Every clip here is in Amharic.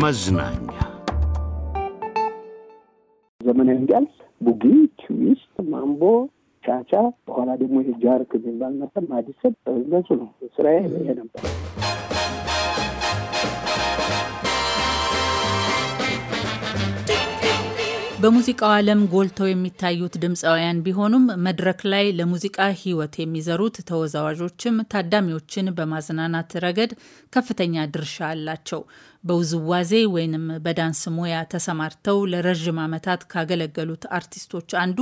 መዝናኛ ዘመን ያልፍ ቡጊ፣ ቱዊስት፣ ማምቦ፣ ቻቻ በኋላ ደግሞ ይሄ ጃርክ የሚባል ነበር። ማዲሰብ እንደሱ ነው ስራ ይሄ ነበር። በሙዚቃው ዓለም ጎልተው የሚታዩት ድምፃውያን ቢሆኑም መድረክ ላይ ለሙዚቃ ሕይወት የሚዘሩት ተወዛዋዦችም ታዳሚዎችን በማዝናናት ረገድ ከፍተኛ ድርሻ አላቸው። በውዝዋዜ ወይንም በዳንስ ሙያ ተሰማርተው ለረዥም ዓመታት ካገለገሉት አርቲስቶች አንዱ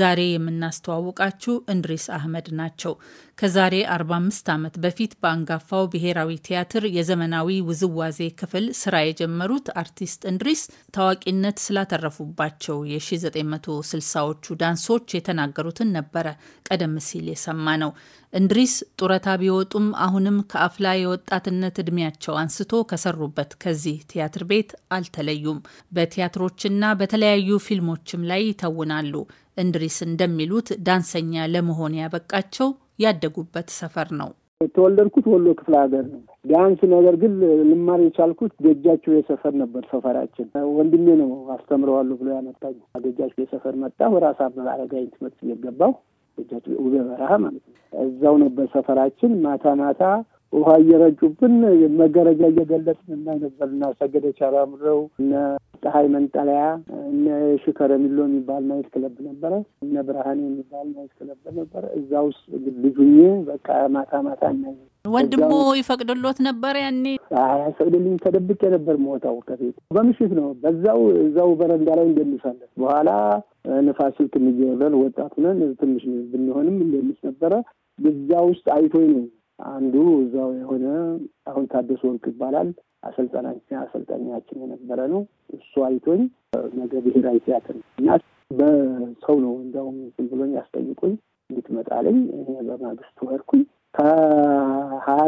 ዛሬ የምናስተዋውቃችሁ እንድሪስ አህመድ ናቸው። ከዛሬ 45 ዓመት በፊት በአንጋፋው ብሔራዊ ቲያትር የዘመናዊ ውዝዋዜ ክፍል ስራ የጀመሩት አርቲስት እንድሪስ ታዋቂነት ስላተረፉባቸው የ1960ዎቹ ዳንሶች የተናገሩትን ነበረ ቀደም ሲል የሰማ ነው። እንድሪስ ጡረታ ቢወጡም አሁንም ከአፍላ የወጣትነት እድሜያቸው አንስቶ ከሰሩበት ከዚህ ቲያትር ቤት አልተለዩም። በቲያትሮችና በተለያዩ ፊልሞችም ላይ ይተውናሉ። እንድሪስ እንደሚሉት ዳንሰኛ ለመሆን ያበቃቸው ያደጉበት ሰፈር ነው። የተወለድኩት ወሎ ክፍለ ሀገር ነው። ዳንስ ነገር ግን ልማር የቻልኩት ደጃቸው የሰፈር ነበር። ሰፈራችን ወንድሜ ነው አስተምረዋለሁ ብሎ ያመጣኝ። ደጃቸው የሰፈር መጣ። ራስ አበበ አረጋኝ ትምህርት ቤት ውበ በረሃ ማለት ነው። እዛው ነበር ሰፈራችን። ማታ ማታ ውሃ እየረጩብን መጋረጃ እየገለጥን እና ነበር እና ሰገደ ቻራምረው፣ እነ ፀሐይ መንጠለያ እነ ሽከረ ሚሎ የሚባል ናይት ክለብ ነበረ። እነ ብርሃኔ የሚባል ናይት ክለብ ነበረ። እዛ ውስጥ ልጁኜ በቃ ማታ ማታ እናይ ወንድሞ ይፈቅድሎት ነበር ያኔ? ፈቅድልኝ ተደብቄ ነበር መወጣው ከቤት በምሽት ነው። በዛው እዛው በረንዳ ላይ እንደንሳለን። በኋላ ንፋስ ስልክ እንጀበል ወጣት ነን ትንሽ ብንሆንም እንደንስ ነበረ። በዛ ውስጥ አይቶኝ ነው አንዱ እዛው የሆነ አሁን ታደሰ ወርቅ ይባላል አሰልጣናችን አሰልጠኛችን የነበረ ነው። እሱ አይቶኝ ነገ ብሔራዊ ቲያትር እና በሰው ነው እንደውም ዝም ብሎኝ ያስጠይቁኝ እንድትመጣለኝ በማግስቱ ሄድኩኝ።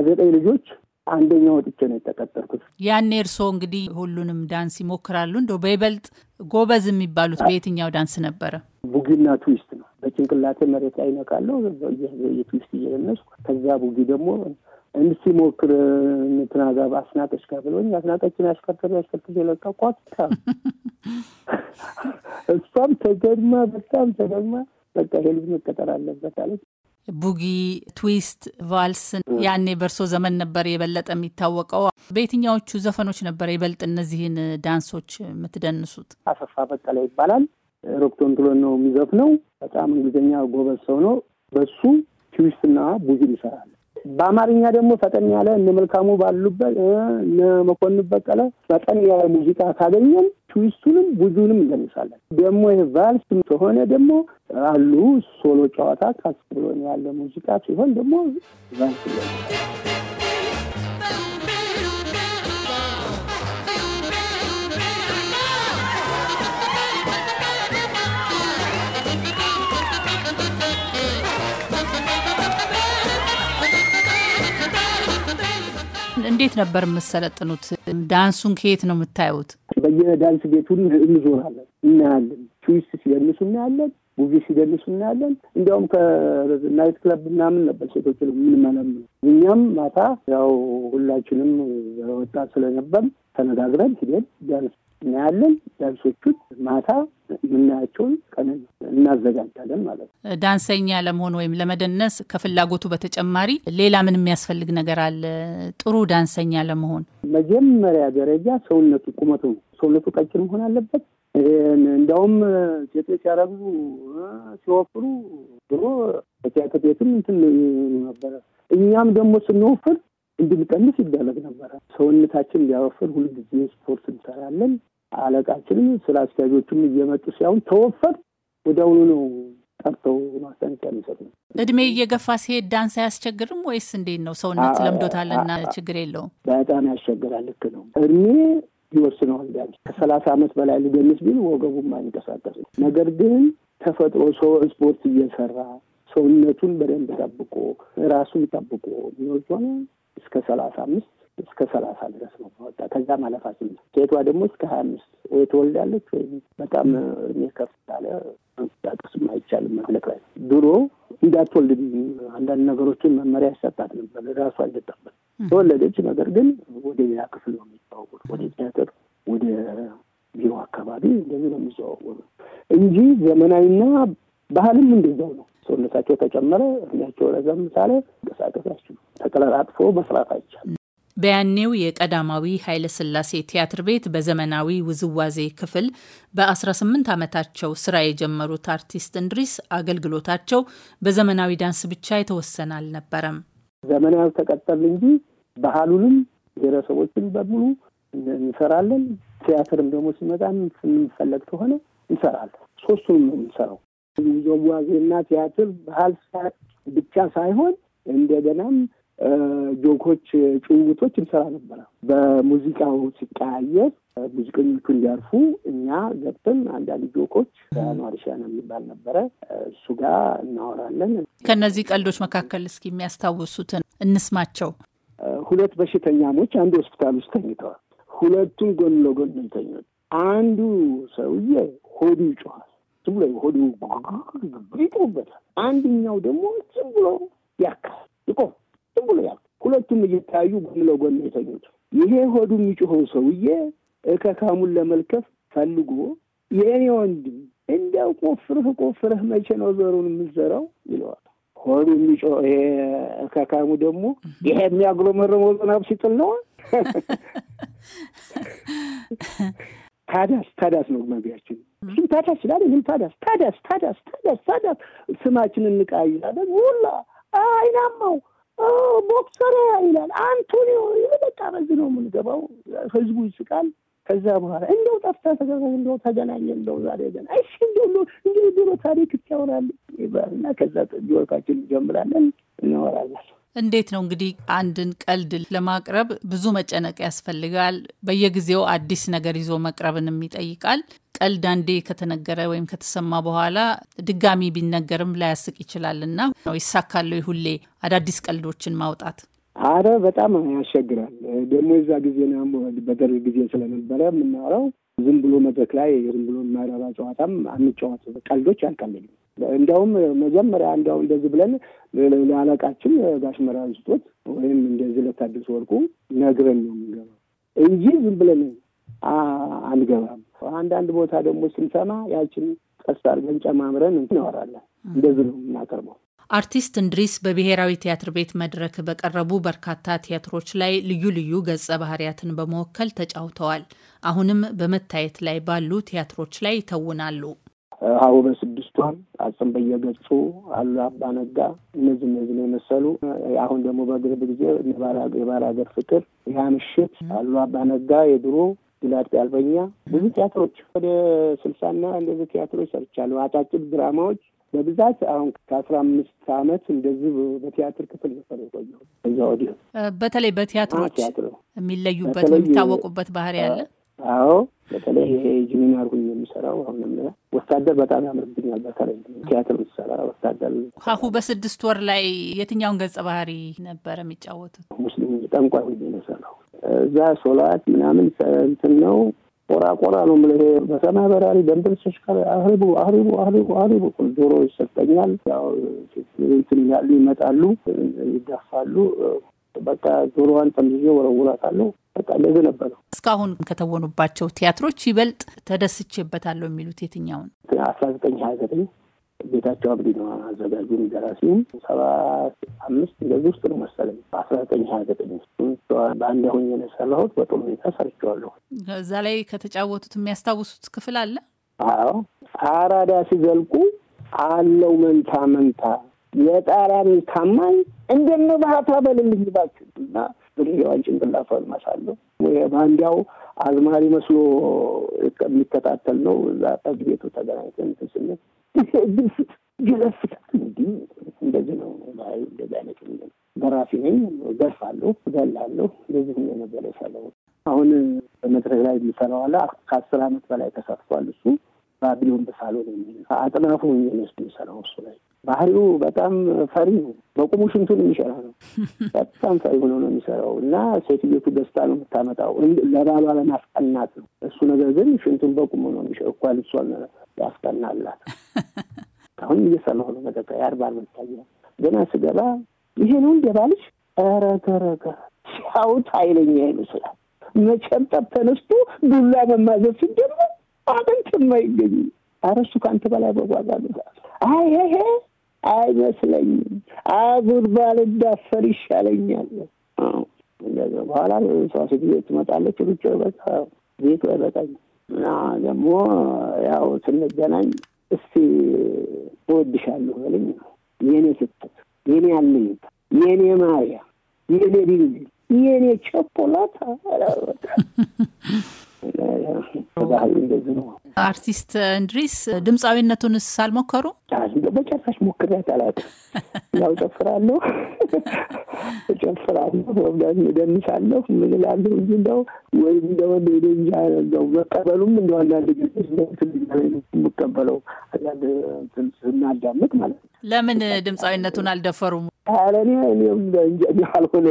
ዘጠኝ ልጆች አንደኛው ወጥቼ ነው የተቀጠርኩት። ያኔ እርስዎ እንግዲህ ሁሉንም ዳንስ ይሞክራሉ። እንደው በይበልጥ ጎበዝ የሚባሉት በየትኛው ዳንስ ነበረ? ቡጊና ትዊስት ነው። በጭንቅላቴ መሬት ላይ ነቃለሁ፣ የትዊስት እየለመስኩ ከዛ ቡጊ ደግሞ እንድሲሞክር ምትናጋ አስናቀች ጋር ብሎኝ አስናቀችን አሽከርክሬ አሽከርክሬ የለቀኳት እሷም ተገድማ በጣም ተገድማ በቃ ይሄ ልጅ መቀጠር አለበት አለች። ቡጊ፣ ትዊስት፣ ቫልስን ያኔ በእርሶ ዘመን ነበር የበለጠ የሚታወቀው። በየትኛዎቹ ዘፈኖች ነበር ይበልጥ እነዚህን ዳንሶች የምትደንሱት? አሰፋ በቀለ ይባላል። ሮክቶን ትሎን ነው የሚዘፍነው። በጣም እንግሊዝኛ ጎበዝ ሰው ነው። በሱ ትዊስትና ቡጊ ይሰራል። በአማርኛ ደግሞ ፈጠን ያለ እነ መልካሙ ባሉበት እነ መኮንን በቀለ ፈጠን ያለ ሙዚቃ ካገኘን ትዊስቱንም ብዙንም እንገንሳለን። ደግሞ ይህ ቫልስ ከሆነ ደግሞ አሉ ሶሎ ጨዋታ ካስ ብሎን ያለ ሙዚቃ ሲሆን ደግሞ ቫልስ ይገኛል። እንዴት ነበር የምሰለጥኑት? ዳንሱን ከየት ነው የምታዩት? በየዳንስ ቤቱን እንዞራለን፣ እናያለን። ትዊስት ሲደንሱ እናያለን። ቡቪ ሲደንሱ እናያለን። እንዲያውም ከናይት ክለብ ምናምን ነበር ሴቶች ምንመለም እኛም ማታ ያው ሁላችንም ወጣት ስለነበር ተነጋግረን ሂደን ዳንስ እናያለን። ዳንሶቹን ማታ የምናያቸውን ቀን እናዘጋጃለን ማለት ነው። ዳንሰኛ ለመሆን ወይም ለመደነስ ከፍላጎቱ በተጨማሪ ሌላ ምን የሚያስፈልግ ነገር አለ? ጥሩ ዳንሰኛ ለመሆን መጀመሪያ ደረጃ ሰውነቱ ቁመቱ ነው። ሰውነቱ ቀጭን መሆን አለበት። እንዲያውም ሴቶች ሲያረግዙ ሲወፍሩ ድሮ በቲያትር ቤትም እንትን ነበረ። እኛም ደግሞ ስንወፍር እንድንቀንስ ይደረግ ነበረ። ሰውነታችን ሊያወፈር ሁልጊዜ ስፖርት እንሰራለን። አለቃችንም ስለ አስኪያጆቹም እየመጡ ሲያሁን ተወፈር ወዲያውኑ ነው ጠርተው ማስጠንቀቂያ የሚሰጡ። እድሜ እየገፋ ሲሄድ ዳንስ አያስቸግርም ወይስ እንዴት ነው? ሰውነት ለምዶታልና ችግር የለውም። በጣም ያስቸግራል። ልክ ነው። እድሜ ይወስነዋል። ዳንስ ከሰላሳ አመት በላይ ሊገምስ ቢል ወገቡም አይንቀሳቀስም። ነገር ግን ተፈጥሮ ሰው ስፖርት እየሰራ ሰውነቱን በደንብ ጠብቆ ራሱን ጠብቆ የሚወ እስከ ሰላሳ አምስት እስከ ሰላሳ ድረስ ነው ወጣ። ከዛ ማለፍ ሴቷ ደግሞ እስከ ሀያ አምስት ወይ ትወልዳለች ወይም በጣም እድሜ ከፍ ያለ ጣቅስም አይቻልም መድረክ ላይ ድሮ እንዳትወልድ አንዳንድ ነገሮችን መመሪያ ይሰጣት ነበር ራሷ እንድጠበቅ ተወለደች ነገር ግን ወደ ሌላ ክፍል ነው የሚዘዋወሩት ወደ ቲያትር ወደ ቢሮ አካባቢ እንደዚህ ነው የሚዘዋወሩት እንጂ ዘመናዊና ባህልም እንደዛው ነው ሰውነታቸው ተጨመረ እድሜያቸው ረዘም ሳለ መንቀሳቀስ ተቀላጣጥፎ መስራት አይቻልም። በያኔው የቀዳማዊ ኃይለሥላሴ ቲያትር ቤት በዘመናዊ ውዝዋዜ ክፍል በ18 ዓመታቸው ስራ የጀመሩት አርቲስት እንድሪስ አገልግሎታቸው በዘመናዊ ዳንስ ብቻ የተወሰነ አልነበረም። ዘመናዊ ተቀጠል እንጂ ባህሉንም ብሔረሰቦችን በሙሉ እንሰራለን። ቲያትርም ደግሞ ሲመጣ ስንፈለግ ከሆነ እንሰራለን። ሶስቱንም ነው የምንሰራው። ውዝዋዜና ቲያትር ባህል ብቻ ሳይሆን እንደገናም ጆኮች፣ ጭውውቶች እንሰራ ነበረ። በሙዚቃው ሲቀያየር ሙዚቀኞቹ እንዲያርፉ እኛ ገብተን አንዳንድ ጆኮች ነዋሪሻን የሚባል ነበረ፣ እሱ ጋር እናወራለን። ከእነዚህ ቀልዶች መካከል እስኪ የሚያስታውሱትን እንስማቸው። ሁለት በሽተኛሞች አንድ ሆስፒታል ውስጥ ተኝተዋል። ሁለቱም ጎን ለጎን ተኞች። አንዱ ሰውዬ ሆዱ ይጮኋል፣ ዝም ብሎ ሆዱ ይጮህበታል። አንድኛው ደግሞ ዝም ብሎ ያካል ይቆም ብሎ ብሎናል። ሁለቱም እየተያዩ ጎን ለጎን የተኙት ይሄ ሆዱ የሚጮኸው ሰውዬ እከካሙን ለመልከፍ ፈልጎ የእኔ ወንድም እንዲያው ቆፍርህ ቆፍርህ መቼ ነው ዘሩን የምዘራው ይለዋል። ሆዱ የሚጮኸው እከካሙ ደግሞ ይሄ የሚያጉረመረመው ዝናብ ሲጥል ነው። ታዳስ ታዳስ ነው መቢያችን እሱም ታዳስ ይላል፣ እኔም ታዳስ ታዳስ ታዳስ ታዳስ ታዳስ ስማችን እንቃይ እንቃይዛለን ሁላ አይናማው ቦክሰር ይላል አንቶኒዮ በቃ በዚህ ነው የምንገባው። ህዝቡ ይስቃል። ከዛ በኋላ እንደው ጠፍታ ተገናኝ እንደው ተገናኝ እንደው ዛሬ ገና እሺ እንደው እንግዲህ ድሮ ታሪክ ትያወራለህ ይባልና ከዛ ጆርካችን እንጀምራለን እንወራለን። እንዴት ነው እንግዲህ አንድን ቀልድ ለማቅረብ ብዙ መጨነቅ ያስፈልጋል። በየጊዜው አዲስ ነገር ይዞ መቅረብንም ይጠይቃል። ቀልድ አንዴ ከተነገረ ወይም ከተሰማ በኋላ ድጋሚ ቢነገርም ላያስቅ ይችላል እና ነው ይሳካል ሁሌ አዳዲስ ቀልዶችን ማውጣት? አረ በጣም ያስቸግራል። ደግሞ የዛ ጊዜ በደርግ ጊዜ ስለነበረ የምናወራው ዝም ብሎ መድረክ ላይ ዝም ብሎ መረባ ጨዋታም አንጫዋት ቀልዶች አልቀልድም። እንዲያውም መጀመሪያ እንዲያው እንደዚህ ብለን ለአለቃችን ጋሽ መራን ስጦት ወይም እንደዚህ ለታደሰ ወርቁ ነግረን ነው የምንገባው እንጂ ዝም ብለን አንገባም። አንዳንድ ቦታ ደግሞ ስንሰማ ያችን ቀስ አድርገን ጨማምረን እንወራለን። እንደዚህ ነው የምናቀርበው። አርቲስት እንድሪስ በብሔራዊ ቲያትር ቤት መድረክ በቀረቡ በርካታ ቲያትሮች ላይ ልዩ ልዩ ገጸ ባህሪያትን በመወከል ተጫውተዋል። አሁንም በመታየት ላይ ባሉ ቲያትሮች ላይ ይተውናሉ። ሀሁ በስድስቷን አጽም በየገጹ አሉ አባ ነጋ፣ እነዚህ እነዚህ ነው የመሰሉ አሁን ደግሞ በግርብ ጊዜ የባህር ሀገር ፍቅር፣ ያ ምሽት አሉ አባ ነጋ የድሮ ግላጥ ያልበኛ ብዙ ቲያትሮች ወደ ስልሳና እንደዚህ ቲያትሮች ሰርቻለሁ። አጫጭር ድራማዎች በብዛት አሁን ከአስራ አምስት አመት እንደዚህ በቲያትር ክፍል ነበር የቆየሁት። እዛ ወዲህ በተለይ በቲያትሮች የሚለዩበት የሚታወቁበት ባህሪ አለ። አዎ በተለይ ይሄ ጁኒየር ሁኝ የሚሰራው አሁን ወታደር በጣም ያምርብኛል። በተለይ ቲያትር የሚሰራ ወታደር ሀሁ በስድስት ወር ላይ የትኛውን ገጸ ባህሪ ነበር የሚጫወቱት? ሙስሊም ጠንቋይ ሁኝ ነው የሰራው እዛ ሶላት ምናምን እንትን ነው ቆራ ቆራ ነው የምልህ። በሰማይ በራሪ ደንብል ሽሽከር አህሪቡ አህሪቡ አህሪቡ አህሪቡ ጆሮ ይሰጠኛል። ያው እንትን ያሉ ይመጣሉ፣ ይደፋሉ። በቃ ጆሮዋን ጠምዝዤ ወረውራታለሁ። በቃ እንደዚህ ነበረ። እስካሁን ከተወኑባቸው ቲያትሮች ይበልጥ ተደስቼበታለሁ የሚሉት የትኛውን? አስራ ዘጠኝ ሀያ ዘጠኝ ጌታቸው አብዲ ነው አዘጋጁ። ደራሲውም ሰባ አምስት እንደዚህ ውስጥ ነው መሰለኝ በአስራ ዘጠኝ ሀያ ዘጠኝ ውስጥ በአንድ ሁኝ የሰራሁት በጥሩ ሁኔታ ሰርቸዋለሁ። እዛ ላይ ከተጫወቱት የሚያስታውሱት ክፍል አለ? አዎ አራዳ ሲዘልቁ አለው መንታ መንታ የጣራን ታማኝ እንደነ ባህታ በልልኝ ባችሁ እና ብርዋን ጭንቅላቷን ማሳለሁ የባንዲያው አዝማሪ መስሎ የሚከታተል ነው። እዛ ጠጅ ቤቱ ተገናኝተን ስንል ግልፍት ስጥ እንዲ እንደዚህ ነው። ባህል እንደዚህ አይነት ደራሲ ነኝ፣ ገርፋለሁ፣ ገላለሁ እንደዚህ ነው ነበር የሰራው። አሁን በመድረክ ላይ የሚሰራው አለ ከአስር አመት በላይ ተሳትፏል። እሱ ባቢሎን በሳሎን የሚል አጥናፉ የሚወስድ የሚሰራው እሱ ላይ ባህሪው በጣም ፈሪ ነው። በቁሙ ሽንቱን የሚሸራ ነው። በጣም ፈሪ ሆኖ ነው የሚሰራው እና ሴትዮቱ ገዝታ ነው የምታመጣው ለባሏ ለማስቀናት ነው። እሱ ነገር ግን ሽንቱን በቁሙ ነው የሚሸ እኳ ልሷን ያስቀናላት። አሁን እየሰማሁ ነው ነገር የአርባ መታየ ገና ስገባ ይሄ ነው እንደ ባልሽ ረገረገ ሲያውት ኃይለኛ ይመስላል። ጠብ ተነስቶ ዱላ መማዘብ ሲጀምር አጥንት የማይገኝ አረሱ ከአንተ በላይ በጓዛ ይሄ አይመስለኝም። አጉል ባልዳፈር ይሻለኛል። እንደዛ በኋላ እሷ ቤት ትመጣለች። ሩጫ በቃ ቤቱ አይበቃኝ እና ደግሞ ያው ስንገናኝ እስቲ እወድሻለሁ በልኝ የኔ ስጠት፣ የኔ አለኝታ፣ የኔ ማርያ የኔ ድንግል፣ የኔ ቸኮላታ አርቲስት እንድሪስ ድምፃዊነቱንስ አልሞከሩ? እጨፍራለሁ። በጨራሽ ሞክሬያት አላውቅም። ያው እጨፍራለሁ፣ እጨፍራለሁ፣ መብላት እደንሳለሁ፣ ምን እላለሁ እንጂ እንደው ወይ እንደው ሄደ እንጂ እንደው መቀበሉም እንደው አንዳንድ ጊዜ የምቀበለው አንዳንድ ስናዳምጥ ማለት ነው። ለምን ድምፃዊነቱን አልደፈሩም? ኧረ እኔ እኔም እንጃ አልሆነ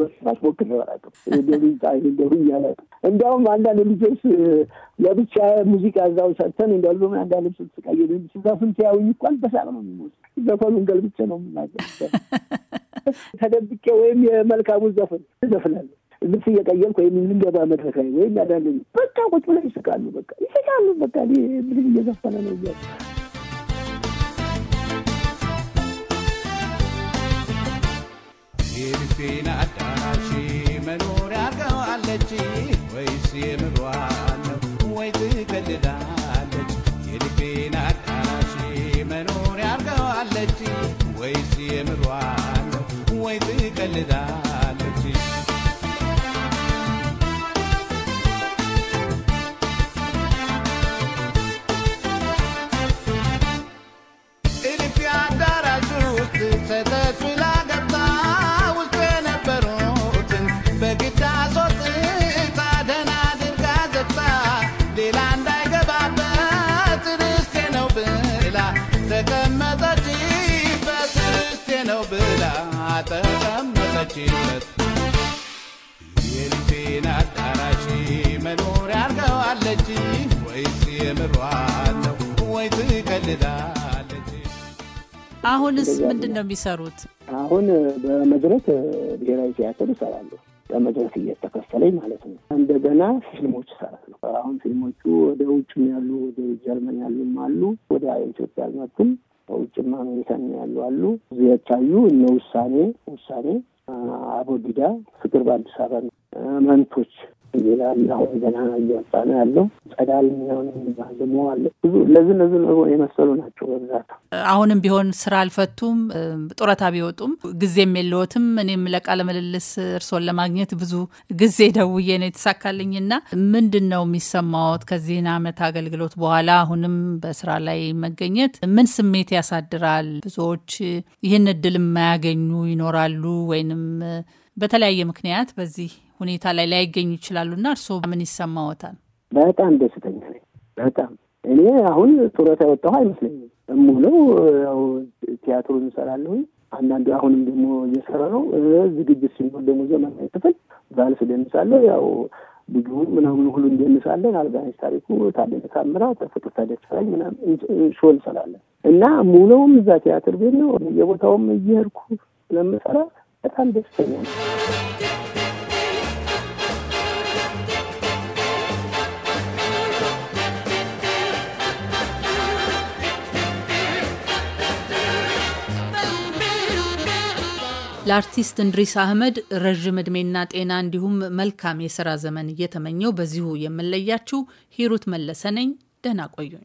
በስማሽ ሞክሬው አላውቅም። እንደው ድምፃዊ እንደው እያለ እንደውም አንዳንድ ልጆች ለብቻ ሙዚቃ እዛው ሰጥተን እንደ አልበም አንድ አለም ስልት ስቃየ ስዛፍን ሲያዩኝ እንኳን በሳቅ ነው የሚሞት ዘፈኑን ገልብቼ ነው የምናገር። ተደብቄ ወይም የመልካሙ ዘፈን እዘፍናለሁ ልብስ እየቀየርኩ ወይም ልንገባ መድረክ ላይ ወይም ያዳለኝ በቃ ቁጭ ብለው ይስቃሉ። በቃ ይስቃሉ። በቃ ምንም እየዘፈነ ነው እያሉ የልቤን አዳራሽ መኖሪያ አርገዋለች ወይስ የምሯ ትዳለች የልቤን አዳራሽ መኖር ያርገዋለች ወይስ የምሯ ነው ወይ ትቀልዳ ያልተመቸበት ይህን አዳራሽ መኖሪያ አርገዋለች ወይስ የምሯን ወይ ትቀልዳለች? አሁንስ ምንድን ነው የሚሰሩት? አሁን በመድረክ ብሔራዊ ቲያትር ይሰራሉ። በመድረክ እየተከፈለኝ ማለት ነው። እንደገና ፊልሞች እሰራለሁ። አሁን ፊልሞቹ ወደ ውጭም ያሉ ወደ ጀርመን ያሉም አሉ። ወደ ኢትዮጵያ አልመጡም። ውጭም አሜሪካን ያሉ አሉ። እዚህ የታዩ እነ ውሳኔ ውሳኔ አቦጊዳ ፍቅር በአዲስ አበባ መንቶች ይላል። አሁን ገና እየወጣ ነው ያለው ጸዳል የሚሆን ባዝሞ አለ ብዙ ለዚህ እነዚህ የመሰሉ ናቸው። በብዛት አሁንም ቢሆን ስራ አልፈቱም፣ ጡረታ ቢወጡም ጊዜም የለዎትም። እኔም ለቃለ ምልልስ እርስዎን ለማግኘት ብዙ ጊዜ ደውዬ ነው የተሳካልኝ እና ምንድን ነው የሚሰማዎት ከዚህን አመት አገልግሎት በኋላ አሁንም በስራ ላይ መገኘት ምን ስሜት ያሳድራል? ብዙዎች ይህን እድል የማያገኙ ይኖራሉ ወይንም በተለያየ ምክንያት በዚህ ሁኔታ ላይ ላይገኙ ይችላሉ ይችላሉና እርስዎ ምን ይሰማዎታል? በጣም ደስተኛ ነኝ። በጣም እኔ አሁን ጡረታ የወጣሁ አይመስለኝም። እሙለው ያው ቲያትሩን እንሰራለሁ። አንዳንዱ አሁንም ደግሞ እየሰራ ነው። ዝግጅት ሲኖር ደግሞ ዘመናዊ ክፍል ባል ደንሳለሁ። ያው ብዙ ምናምን ሁሉ እንደንሳለን። አልጋኒስ ታሪኩ ታደለ ታምራት፣ ፍቅርተ ደሳለኝ ምናምን ሾ እንሰራለን እና ሙሉውም እዛ ቲያትር ቤት ነው። የቦታውም እየሄድኩ ስለምሰራ በጣም ደስተኛ ነው። ለአርቲስት እንድሪስ አህመድ ረዥም ዕድሜና ጤና እንዲሁም መልካም የስራ ዘመን እየተመኘው በዚሁ የምለያችሁ ሂሩት መለሰ ነኝ። ደህና ቆዩኝ።